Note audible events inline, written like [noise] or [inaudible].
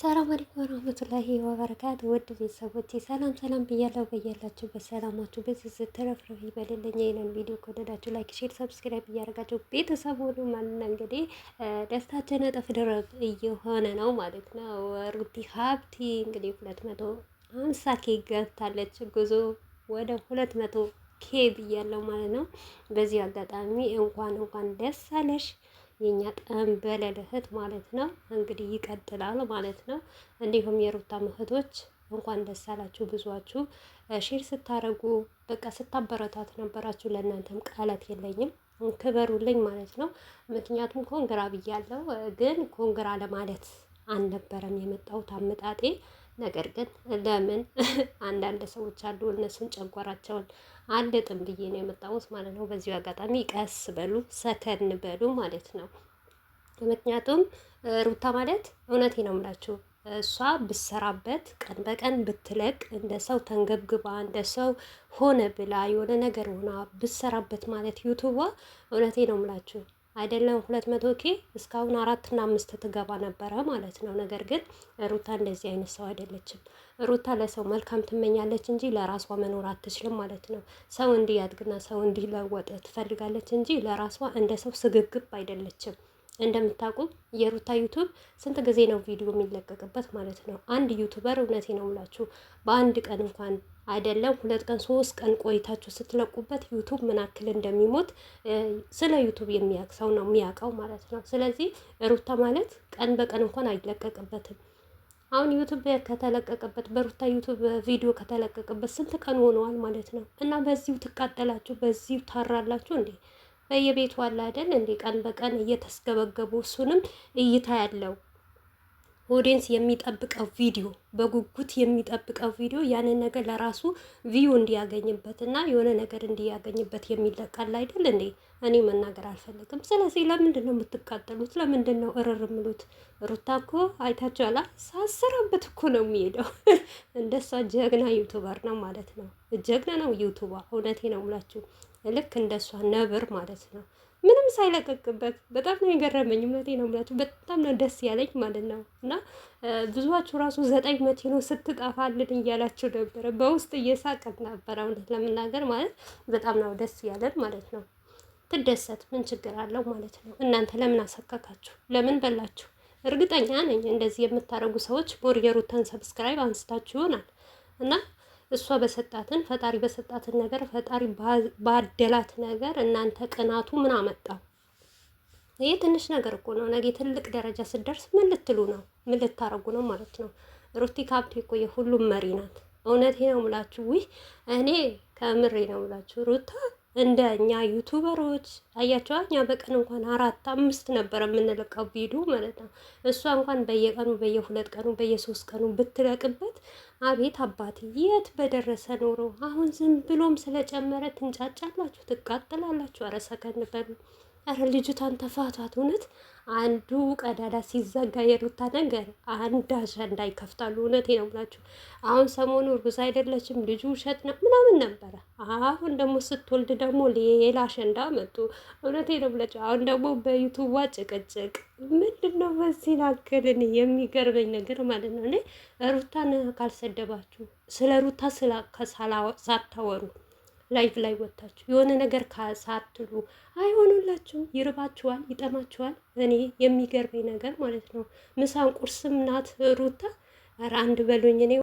ሰላም አለይኩም ወራህመቱላሂ ወበረካቱ ውድ ቤተሰቦቼ ሰላም ሰላም ብያለሁ። በያላችሁበት በሰላማችሁ በዚህ ተረፍረፍ ይበልልኝ። ይህንን ቪዲዮ ከወደዳችሁ ላይክ፣ ሼር፣ ሰብስክራይብ እያደረጋችሁ ቤተሰብ ሆኑ ማለት ነው። እንግዲህ ደስታችን እጥፍ ድረብ እየሆነ ነው ማለት ነው። ሩቲ ሀብቲ እንግዲህ ሁለት መቶ ሀምሳ ኬ ገብታለች። ጉዞ ወደ ሁለት መቶ ኬ ብያለሁ ማለት ነው። በዚህ አጋጣሚ እንኳን እንኳን ደስ አለሽ የኛ ጠንበለል እህት ማለት ነው እንግዲህ ይቀጥላል ማለት ነው። እንዲሁም የሩታ እህቶች እንኳን ደስ አላችሁ። ብዙችሁ ሼር ስታደርጉ በቃ ስታበረታት ነበራችሁ። ለእናንተም ቃላት የለኝም ክበሩልኝ ማለት ነው። ምክንያቱም ኮንግራ ብያለሁ፣ ግን ኮንግራ ለማለት አልነበረም የመጣሁት አመጣጤ። ነገር ግን ለምን [laughs] አንዳንድ ሰዎች አሉ እነሱን ጨጓራቸውን አልጥም ብዬ ነው የመጣሁት ማለት ነው። በዚሁ አጋጣሚ ቀስ በሉ፣ ሰከን በሉ ማለት ነው። ምክንያቱም ሩታ ማለት እውነቴ ነው የምላችሁ እሷ ብሰራበት ቀን በቀን ብትለቅ እንደ ሰው ተንገብግባ እንደ ሰው ሆነ ብላ የሆነ ነገር ሆና ብሰራበት ማለት ዩቱቧ እውነቴ ነው የምላችሁ አይደለም ሁለት መቶ ኬ እስካሁን አራትና አምስት ትገባ ነበረ ማለት ነው። ነገር ግን ሩታ እንደዚህ አይነት ሰው አይደለችም። ሩታ ለሰው መልካም ትመኛለች እንጂ ለራሷ መኖር አትችልም ማለት ነው። ሰው እንዲያድግና ሰው እንዲለወጥ ትፈልጋለች እንጂ ለራሷ እንደ ሰው ስግግብ አይደለችም። እንደምታውቁ የሩታ ዩቱብ ስንት ጊዜ ነው ቪዲዮ የሚለቀቅበት ማለት ነው። አንድ ዩቱበር እውነቴ ነው ምላችሁ በአንድ ቀን እንኳን አይደለም ሁለት ቀን ሶስት ቀን ቆይታችሁ ስትለቁበት ዩቱብ ምን አክል እንደሚሞት ስለ ዩቱብ የሚያውቅ ሰው ነው የሚያውቀው ማለት ነው። ስለዚህ ሩታ ማለት ቀን በቀን እንኳን አይለቀቅበትም። አሁን ዩቱብ ከተለቀቀበት በሩታ ዩቱብ ቪዲዮ ከተለቀቀበት ስንት ቀን ሆነዋል ማለት ነው። እና በዚሁ ትቃጠላችሁ፣ በዚሁ ታራላችሁ እንዴ! በየቤቱ አለ አይደል እንዴ? ቀን በቀን እየተስገበገቡ እሱንም እይታ ያለው ኦዲንስ የሚጠብቀው ቪዲዮ በጉጉት የሚጠብቀው ቪዲዮ ያንን ነገር ለራሱ ቪዩ እንዲያገኝበት እና የሆነ ነገር እንዲያገኝበት የሚለቃል አይደል እንዴ? እኔ መናገር አልፈልግም። ስለዚህ ለምንድን ነው የምትቃጠሉት? ለምንድን ነው እርር ምሉት? ሩታ እኮ አይታችኋላ፣ ሳስራበት እኮ ነው የሚሄደው። [laughs] እንደሷ ጀግና ዩቱበር ነው ማለት ነው። ጀግና ነው ዩቱባ። እውነቴ ነው ብላችሁ ልክ እንደሷ ነብር ማለት ነው። ምንም ሳይለቀቅበት በጣም ነው የገረመኝ። እውነቴ ነው ብላችሁ በጣም ነው ደስ ያለኝ ማለት ነው። እና ብዙዎቹ ራሱ ዘጠኝ የት መቼ ነው ስትጠፋልን እያላችሁ ነበረ። በውስጥ እየሳቀን ነበረ። እውነት ለምናገር ማለት በጣም ነው ደስ ያለን ማለት ነው። ትደሰት ምን ችግር አለው ማለት ነው። እናንተ ለምን አሳቀቃችሁ? ለምን በላችሁ? እርግጠኛ ነኝ እንደዚህ የምታደርጉ ሰዎች ሞር ሰብስክራይብ አንስታችሁ ይሆናል እና እሷ በሰጣትን ፈጣሪ በሰጣትን ነገር ፈጣሪ ባደላት ነገር እናንተ ቅናቱ ምን አመጣው? ይህ ትንሽ ነገር እኮ ነው። ነገ ትልቅ ደረጃ ስደርስ ምን ልትሉ ነው? ምን ልታረጉ ነው ማለት ነው። ሩቲ ካብቴ እኮ የሁሉም መሪ ናት። እውነቴ ነው ምላችሁ። ውይ እኔ ከምሬ ነው ምላችሁ። ሩታ እንደ እኛ ዩቱበሮች አያቸዋ። እኛ በቀን እንኳን አራት አምስት ነበር የምንለቀው ቪዲዮ ማለት ነው። እሷ እንኳን በየቀኑ በየሁለት ቀኑ በየሶስት ቀኑ ብትለቅበት አቤት አባት የት በደረሰ ኖሮ። አሁን ዝም ብሎም ስለጨመረ ትንጫጫላችሁ፣ ትቃጥላላችሁ። አረሰከን በሉ ኧረ ልጅቷን ተፋቷት። እውነት አንዱ ቀዳዳ ሲዘጋ የሩታ ነገር አንድ አሸንዳ ይከፍታሉ። እውነት ነው ብላችሁ አሁን ሰሞኑ እርጉዝ አይደለችም ልጁ ውሸት ነው ምናምን ነበረ። አሁን ደግሞ ስትወልድ ደግሞ ሌላ አሸንዳ መጡ። እውነት ነው ብላችሁ አሁን ደግሞ በዩቱቧ ጭቅጭቅ ምንድን ነው? በዚህ ናገልን የሚገርበኝ ነገር ማለት ነው እኔ ሩታን ካልሰደባችሁ ስለ ሩታ ሳታወሩ ላይቭ ላይ ወጥታችሁ የሆነ ነገር ሳትሉ አይሆኑላችሁም። ይርባችኋል፣ ይጠማችኋል። እኔ የሚገርመኝ ነገር ማለት ነው ምሳን ቁርስም ናት ሩታ ኧረ አንድ በሉኝ እኔ